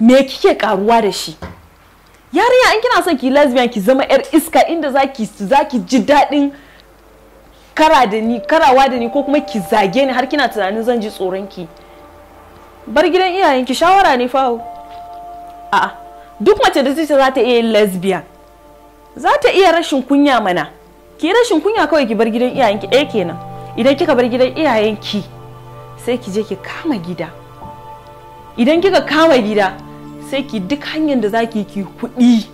me kike karuwa da shi yarinya in kina son ki lesbian ki zama yar iska inda zaki zaki ji dadin kara da ni karawa da ni ko kuma ki zage ni har kina tunanin zan ji tsoron ki bar gidan iyayenki shawara ne fa a duk mace da zai za ta iya yin lesbian za ta iya rashin kunya mana ki rashin kunya kawai ki bar gidan iyayenki ɗaya kenan idan kika bar gidan iyayenki sai ki je ki kama gida idan kika kama gida sai ki duk hanyar da za ki kuɗi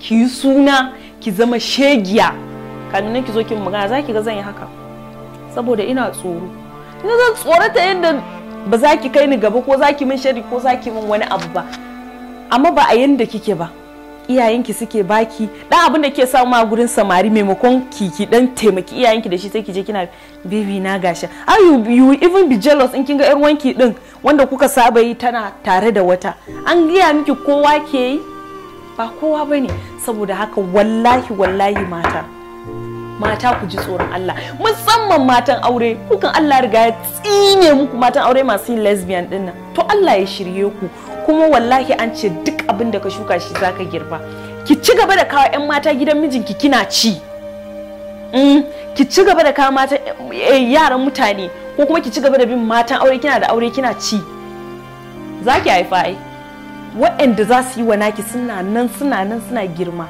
ki yi suna ki zama shegiya nan ki zo kin magana za ki ga zan yi haka saboda ina tsoro ina zan tsoro ta yadda ba za ki kai ni gaba ko za ki min shari ko za ki min wani abu ba amma ba a yanda kike ba iyayenki suke baki ɗan abin da ke samu a gurin samari maimakon kiki dan taimaki iyayenki da shi sai kije je kina baby na gashi are you, you even be jealous in kinga ga yar wanki din wanda kuka saba yi tana tare da wata an giya miki kowa ke yi ba kowa bane saboda haka wallahi wallahi mata mata ku ji tsoron Allah musamman matan aure kukan Allah riga ya tsine muku matan aure masu yin lesbian dinnan to Allah ya shirye ku kuma wallahi an ce duk abin da ka shuka shi zaka girba ki ci gaba da kawo 'yan mata gidan mijinki kina ci mm, ki ci gaba da kawo mata eh, yaran mutane ko kuma ki ci gaba da bin matan aure kina da aure kina ci za ki haifa ai waɗanda za su yi wa naki suna nan suna nan suna girma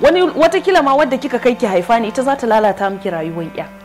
wani watakila ma wadda kika kai ki haifa ne ita za ta lalata miki rayuwar ya